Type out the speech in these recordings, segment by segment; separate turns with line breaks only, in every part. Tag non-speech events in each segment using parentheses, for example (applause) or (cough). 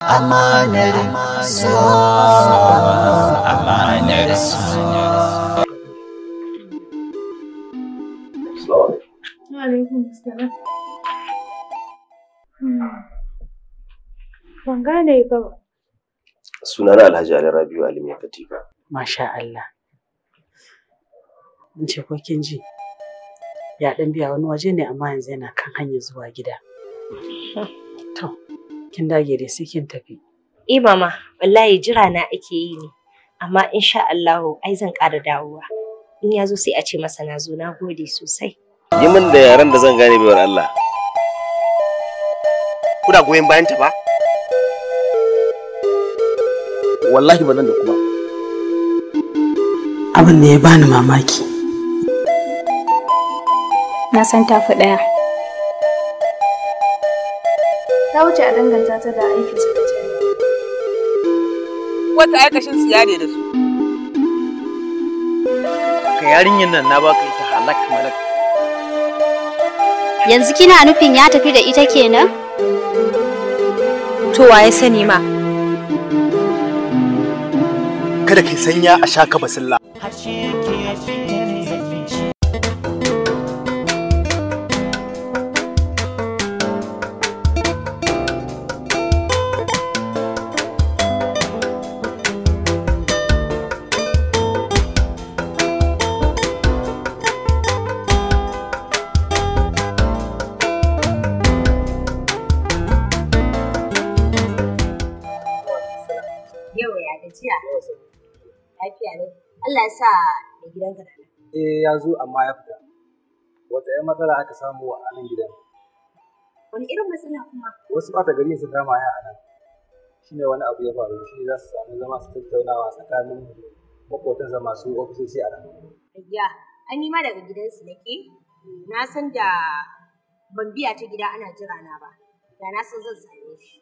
amanar amanar hmm.
Ban
Sunana Alhaji Ali Rabiu Ali Mai Katifa.
Masha Allah. In ce ko kin ji? Ya ɗan biya wani waje ne amma yanzu yana kan hanyar zuwa gida. (laughs) Kin dage dai sai kin tafi.
Eh mama, wallahi jira na ake yi ne. Amma insha Allah ai zan ƙara dawowa. In ya zo sai a ce masa na zo na gode sosai.
Yi min da yaren da zan gane baiwar Allah. Kuna goyon bayan ta ba? Wallahi ba
nan da kuma. Abin da ya bani mamaki.
Na san tafi ɗaya. ta wuce a danganta ta da aikin su da jami'a.
Wata aikashin su yare da su.
Ka yarinyar nan na baka ita halak malak.
Yanzu kina nufin ya tafi da ita kenan? To wa sani ma?
Kada ke sanya a sha ka basilla.
sa mai gidanka da
Eh ya zo amma ya fita. Wata ‘yan matsala aka samu a nan gidan.
Wani irin matsala kuma?
Wasu ɓata gari su kama ya a nan. Shi ne wani abu ya faru shi ne za su samu zama su tattaunawa tsakanin maƙotansa masu ofisoshi a nan.
Ya, an yi ma daga gidansu nake. Na san da ban biya ta gida ana jira na ba. Da na san zan same shi.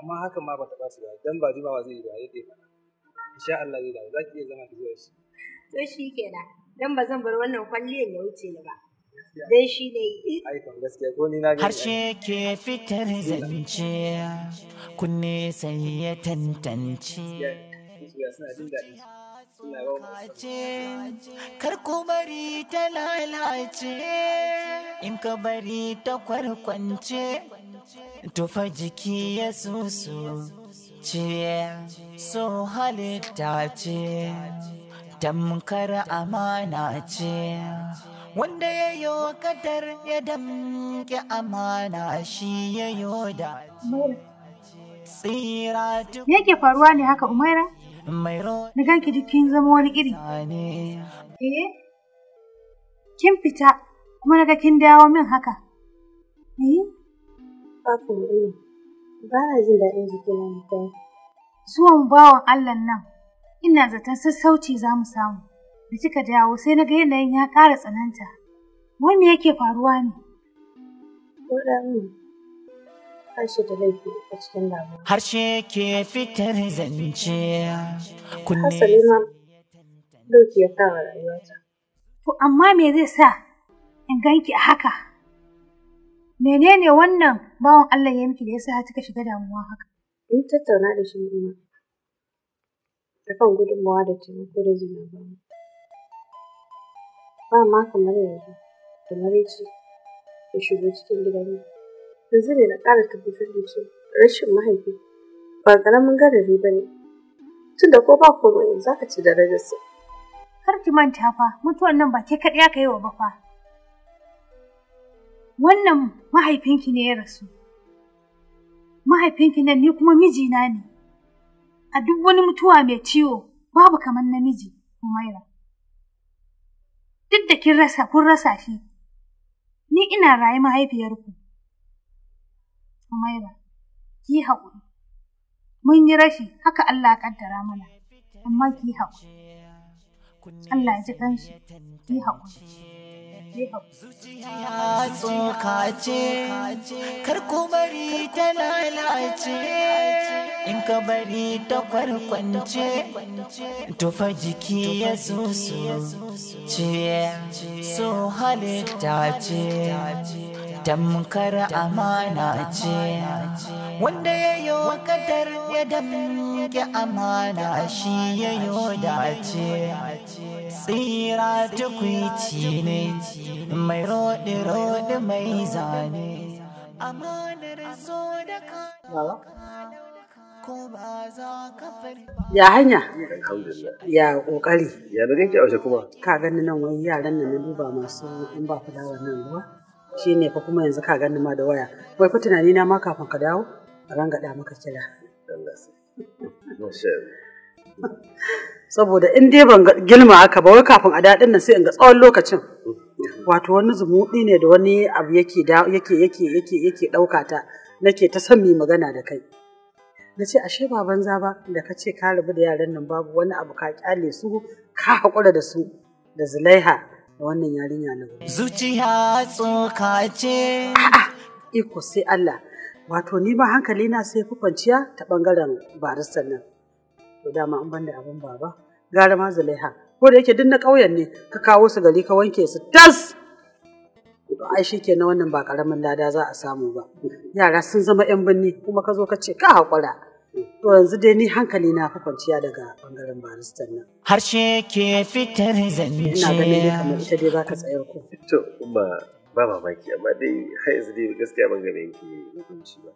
Amma haka ma ba ta ba su ba, dan ba jimawa zai yi ba yadda ya faɗa. insha Allah zai dawo zaki iya zama ki shi
to shi kenan dan ba zan bar wannan kwalliyar ya wuce ni ba dan shi ne
aikon gaskiya ko ni na
ga harshe ke fitar zance kunne sai ya tantance Kar ku bari ta lalace, in ka bari ta kwarkwance, to fa jiki ya susu. so halitta ce tamkar amana ce wanda ya yi kadar
ya damke amana shi ya yi da tsira Me yake faruwa ne haka umaira? Na ganki jikin zama wani iri. Eh? Kin fita kuma na ga kin dawo min haka. Eh? Ba ba na jin daɗin jikina ne kai. Zuwan bawan Allah nan, ina zaton sassauci za mu samu. Da kika dawo sai na ga yanayin ya ƙara tsananta. Wai me yake faruwa ne? Waɗannan harshe da laifi a cikin damuwa.
Harshe ke fitar zance. Kunne. Hasali ma
ɗauki ya kawo rayuwata. To amma me zai sa in ganki haka? menene wannan bawan Allah ya miki da yasa kika shiga damuwa haka mun tattauna da shi ne kan gudunmawa da taimako da zina ba ba ma kamar yanzu da marici ya shigo cikin gidan mu yanzu ne na ƙara tabbatar da cewa rashin mahaifi ba ƙaramin garari ba ne tunda ko ba komai za ka ci darajarsa kar ki manta fa mutuwan nan ba ke kaɗai aka yi wa ba fa wannan mahaifinki ne ya rasu mahaifinki nan ni kuma mijina ne a duk wani mutuwa mai ciwo babu kamar namiji Umaira duk da kin rasa kun rasa shi ni ina rayu mahaifiyarku Umaira ki haƙuri mun yi rashi haka Allah kaddara mana amma ki haƙuri Allah ya ji kanshi ki haƙuri Zuciya tsoka ce, kar ku bari ta lalace,
in ka bari ta kwarkwance, tufa jiki ya susu ce, so halitta ce. tamkar amana ce wanda ya yi wakadar ya damke amana shi ya yi dace tsira tukwici ne mai rodi rodi mai zane amanar zo da
Ya hanya? Ya kokari.
Ya da kake aushe kuma?
Ka gani nan wani yaran nan na duba masu in ba fulawa nan ruwa. shi ne fa kuma yanzu ka gani ma da waya wai fa tunani na ma kafin ka dawo a rangada maka kira saboda in dai ban gilma haka ba wai kafin a daɗin nan sai in ga tsawon lokacin wato wani zumuɗi ne da wani abu yake yake yake yake yake ɗauka ta nake ta san mi magana da kai na ce ashe ba banza ba da ka ce ka rabu da yaran nan babu wani abu ka kyale su ka haƙura da su da zulaiha da wannan yarinya na Zuciya tsoka ce. Iko sai Allah, wato ni ba hankali na sai fi kwanciya ta ɓangaren baristan nan. To dama an banda abin baba, gara ma zulaiha. Ko da yake duk na ƙauyen ne ka kawo su gari ka wanke su tas. To ai shi ke na wannan ba ƙaramin lada za a samu ba. Yara sun zama 'yan birni kuma ka zo ka ce ka haƙura. To yanzu dai ni hankali na fi kwanciya daga bangaren barista nan.
Harshe ke fitar zance. Ina ganin kamar ita
dai baka ta ko. ku.
To ba
ba mamaki
amma dai har yanzu dai gaskiya ban gane yanki hukunci ba.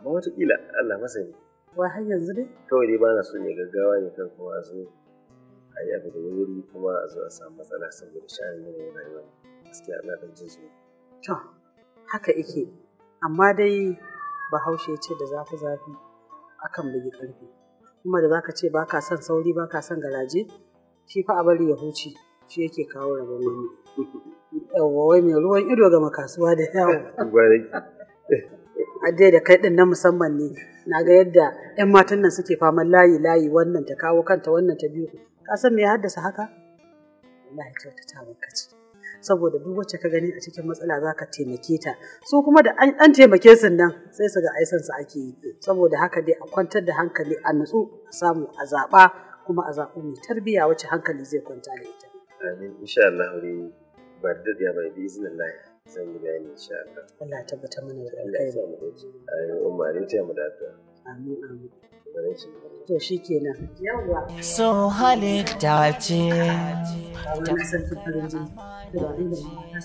Amma wataƙila Allah masani.
Wa har yanzu dai?
Kawai dai ba na so ne gaggawa ne kan kuma zo a yi abu da wuri kuma a zo a samu matsala saboda ne yanayin rayuwa. Gaskiya na ɗan jin zuwa.
To haka ike amma dai bahaushe ce da zafi-zafi. akan bai karfi kuma da zaka ce baka son sauri baka son garaje shi fa a bari ya huce shi yake kawo rabon wani yawa wai mai ruwan ido ga makasuwa da yawo dai da kai din na musamman ne na ga yadda yan matan nan suke faman layi layi wannan ta kawo kanta wannan ta biyu ka san me ya haddasa haka wallahi kyautata maka ce saboda duk wacce ka gani a cikin matsala za ka taimake ta su kuma da an taimake su nan sai su ga aisan su ake yi saboda haka dai a kwantar da hankali a nutsu a samu a zaɓa kuma a zaɓi mai tarbiyya wacce hankali zai kwanta da ita.
Amin insha Allah dai ba da daɗiya ba bi izinin Allah zan yi
bayani insha Allah. Allah ya tabbatar mana da alkhairi. Allah ya mu dace. Amin umma ne ta mu da Amin amin. To shi kenan. So halitta
ce. Wani
farin jini.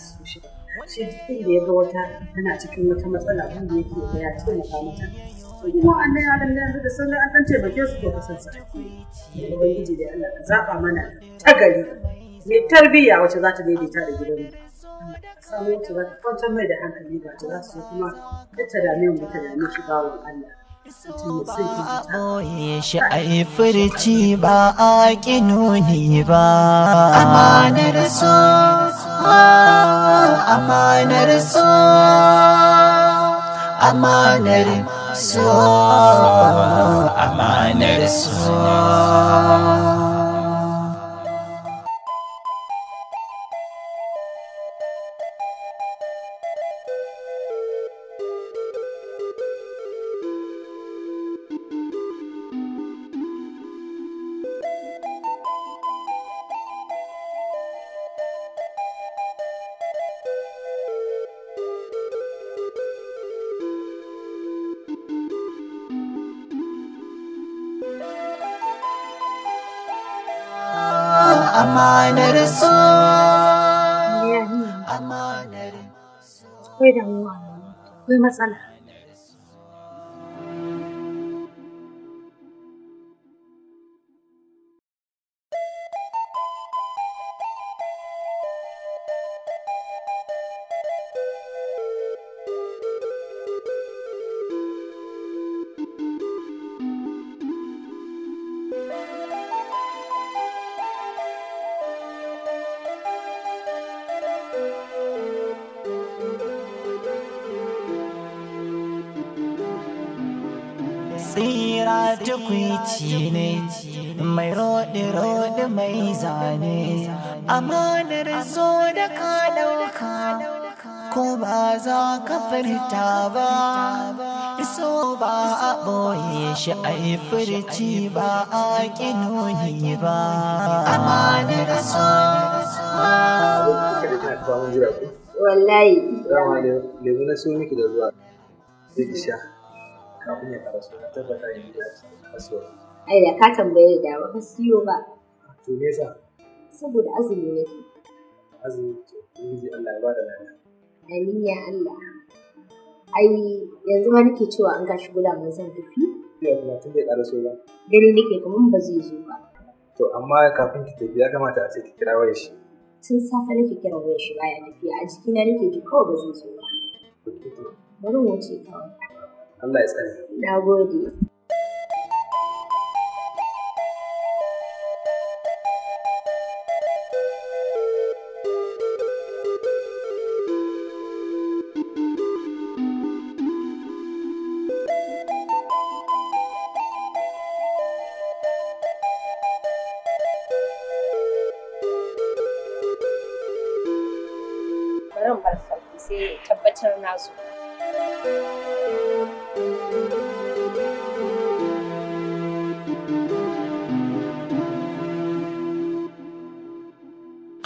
Shi da ya ga wata tana cikin wata matsala yake da ya taimaka mata. Kuma an da yaran da yanzu da an taimake su da kasarsa. Ubangiji da Allah ka zaɓa mana ta gari. Mai tarbiyya wacce za ta daidaita da gidan Samun ta za ta kwantar mai da hankali ba ta za kuma ta dame mu ta dame shi bawon Allah.
ba a shi ba a nuni ba. Amanar ah, amanar so, amanar so, amanar so.
amanar so amanar so kai da wani matsala
kwici ne mai roɗe-roɗe mai zane amanar zo da ka ɗauka ko ba za ka furta ba so ba a ɓoye shi a yi furci ba a ƙinoni ba amanar so wallahi
dama
lemu na so miki da zuwa. zai kafin ya karaso na tabbata ya yi kasuwa.
Ai da ka tambaye da ba ka siyo ba. To me yasa? Saboda azumi
nake. Azumi to Ubangiji Allah ya bada lafiya.
Amin ya Allah. Ai yanzu ma nake cewa an gashi mai zan tafi.
Ya kuma tun bai karaso ba.
Gani nake kuma ba zai zo ba.
To amma kafin ki tafi ya kamata a ce ki kira wayar shi.
Tun safe nake kira wayar shi baya tafiya a jikina nake ji kawai ba zai
zo ba.
Bari mu wuce kawai.
Allah ya tsare. Na
gode.
Bari in bar sai tabbatar na zo.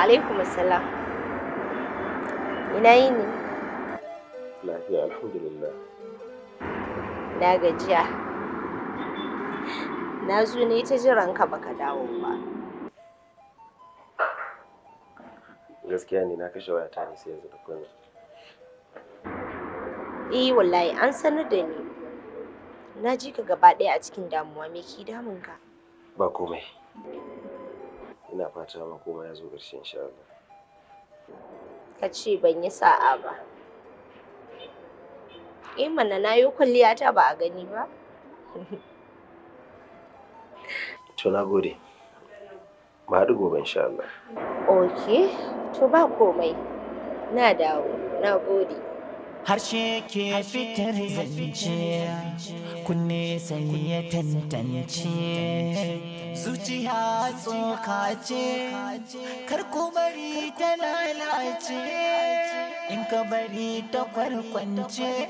alaikum assalam ina yini
lafiya alhamdulillah
na gajiya na zo ne ta jiran ka baka dawo ba
gaskiya ne na kashe wayata ne sai yanzu da kuma
eh wallahi an sanar da ni na ji ka gaba ɗaya a cikin damuwa me ke damun ka
ba komai ina fata ma komai ya zo ƙarshe insha Allah
ka ce ban yi sa'a ba eh mana na yi kwalliya ta ba a gani ba (laughs)
to na gode ba haɗu gobe insha Allah
ok to ba komai na dawo
na gode harshe ke fitar zance kunne sai ya tantance zuciya tsoka ce kar ku bari ta lalace in ka bari ta kwarkwance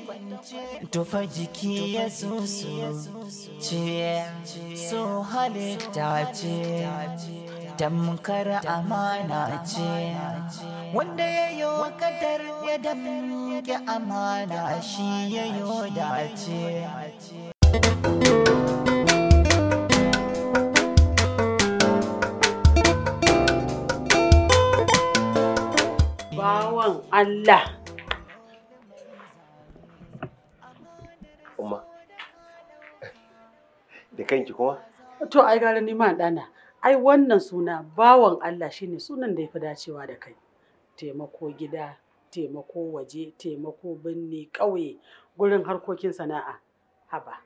tufa jiki ya susu so halitta ce tamkar amana ce wanda ya yi kadar ya damke amana shi ya yi dace
bawan Allah
Umma, (laughs) da kanki kuma?
To, ai gara neman ma ɗana. ai wannan suna bawan Allah shine sunan da ya fi dacewa da kai taimako gida taimako waje taimako binne ƙauye gurin harkokin sana'a haba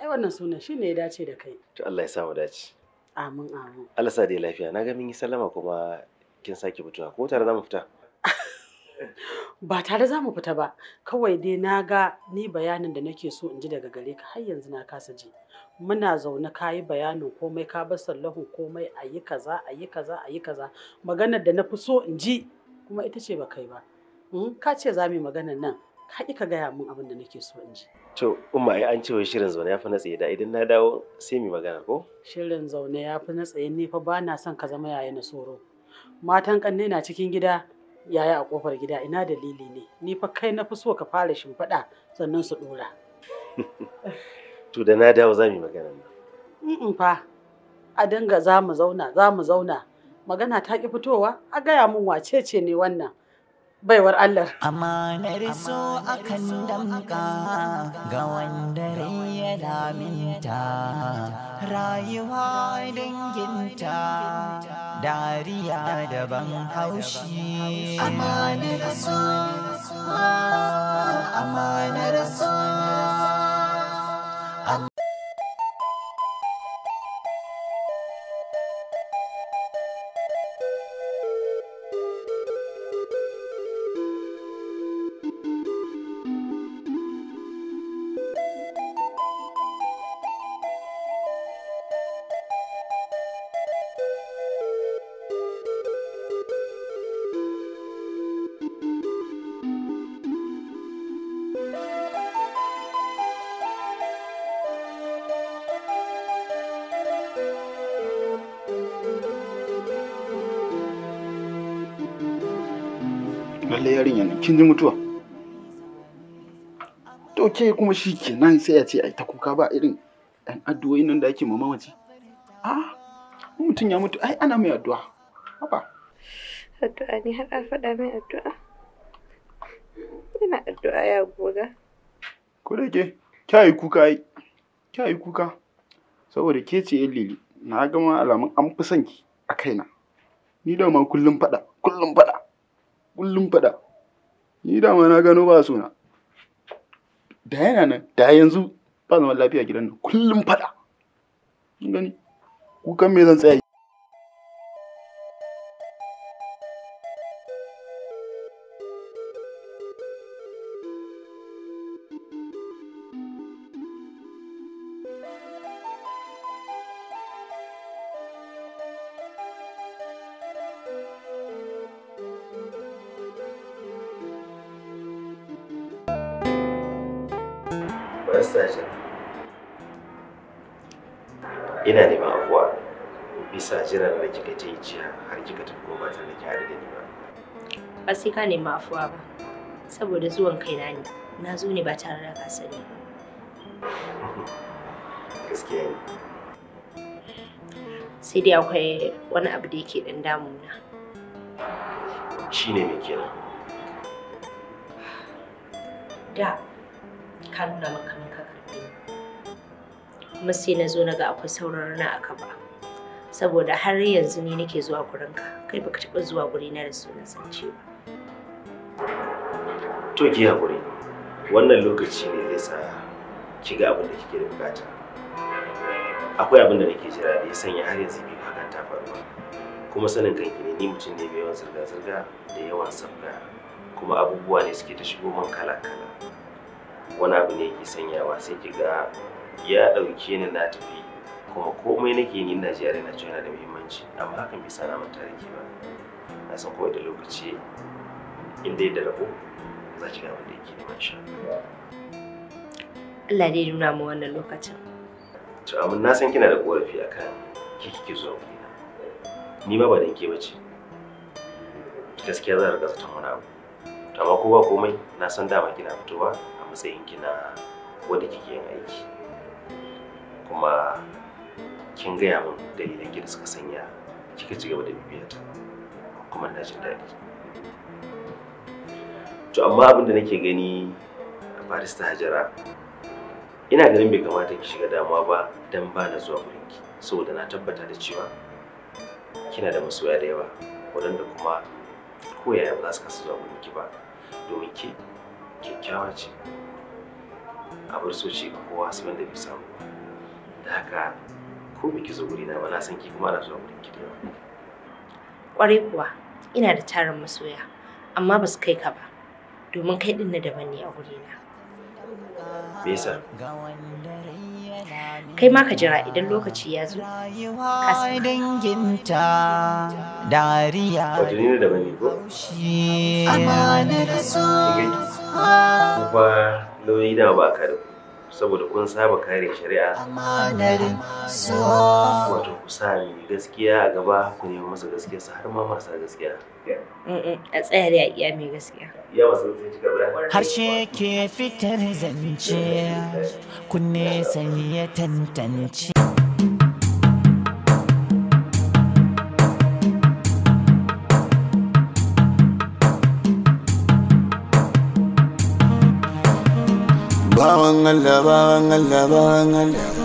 ai wannan sunan shine ya dace da kai
to Allah ya sa mu dace
amin amin
Allah sa dai lafiya na ga mun yi sallama kuma kin sake fitowa ko tare za mu fita (laughs)
ba tare za mu fita ba kawai dai na ga ni bayanin da nake so in ji daga gare ka har yanzu na kasa ji muna zaune ka yi bayanin komai ka bar sallahun komai a yi kaza a yi kaza a yi kaza maganar da na fi so in ji kuma ita ce ba kai ba hmm? ka ce za mu yi maganar nan ka ka gaya min abin da nake so in ji.
To umma ai an ce wai shirin zaune ya fi na tsaye da idan na dawo sai mu magana ko?
Shirin zaune ya fi na tsaye fa ba na son ka zama yaya na soro. Matan kanne na cikin gida yaya a kofar gida ina dalili ne ni fa kai na fi so ka fara shimfiɗa sannan su ɗora.
(laughs) To da na dawo za mu yi magana
In fa a dinga za mu zauna za mu zauna magana ta ki fitowa a gaya mun wace ce ne wannan baiwar Allah. Amanar
so akan damka ga wanda ya laminta rayuwa danginta dariya daban haushi. Amanar so, ah, amanar so.
kalle yarinya nan kin ji mutuwa to ke kuma shi kenan sai ya ce ai ta kuka ba irin ɗan addu'o'in nan da ake mama mamaci a mutum ya mutu ai ana mai addu'a
haba addu'a ne har an faɗa mai addu'a ina addu'a ya goga
ko da ke kyayi kuka ai kyayi kuka saboda ke ce yan lili na gama alamun an fi son ki a kaina ni da ma kullum faɗa kullum faɗa kullum faɗa ni dama na gano ba suna da yana nan da yanzu ba zaman lafiya gidan nan kullum faɗa
gani kukan me zan tsaya
gidajen ina neman afuwa bisa jiran da kika ta yi jiya har kika tafi ko ba tare da ki da ba
ba sai ka nemi afuwa ba saboda zuwan kai na ne na zo ne ba tare da ka sani
ba (laughs) gaskiya ne
sai dai akwai wani abu da yake ɗan damuna
shine me kenan
da ka nuna min kamar kuma sai na zo na ga akwai sauran rana a kaba saboda har yanzu ni nake zuwa gurin ka kai baka taba zuwa na da sunan sanci
ba to ki hakuri wannan lokaci ne zai sa ki ga abin da kike da bukata akwai abin da nake jira da ya sanya har yanzu bai hakan ta faru ba kuma sanin kanki ne ni mutum ne mai yawan zirga-zirga da yawan sabga kuma abubuwa ne suke ta shigo man kala-kala wani abu ne yake sanyawa sai ki ga ya ɗauke ni na tafi kuma komai nake ni na ji na cewa yana da muhimmanci amma hakan bai sa na manta da ke ba na san kawai da lokaci inda ya da rabo za ki ga wanda yake neman sha
Allah dai nuna mu wannan lokacin
to amma na san kina da korafi akan ki kike zuwa wurina ni ma ba dan ke bace gaskiya za a rika zaton wani abu to amma ko ba komai na san dama kina fitowa a matsayin kina wadda kike yin aiki kuma kin gaya min dalilan ki da suka sanya kika ci gaba da bibiyata kuma na jin daɗi to amma abin da nake gani a Paris ta Hajara ina ganin bai kamata ki shiga damuwa ba dan ba na zuwa wurin ki saboda na tabbata da cewa kina da masoya da yawa waɗanda kuma koyaya ba za su kasa zuwa wurin ba domin ki kyakkyawa ce a bar so ce kowa su wanda bai samu ba da haka ko biki guri na, ba na san ki kuma ana zuwa gurin ki da
Kwarai kuwa ina da tarin masoya amma ba su kai ka ba domin kai din na daban ne a na. Me yasa? kai ma ka jira idan lokaci
ya zo danginta dariya amanar so
kuma lauyi da ba ka da ku saboda kun saba kare shari'a wato ku sa mai gaskiya a gaba ku nemi masa gaskiya su har ma masa gaskiya
a tsaya da iya mai gaskiya
harshe ke fitar zance kunne sanye tantance
الله الله الله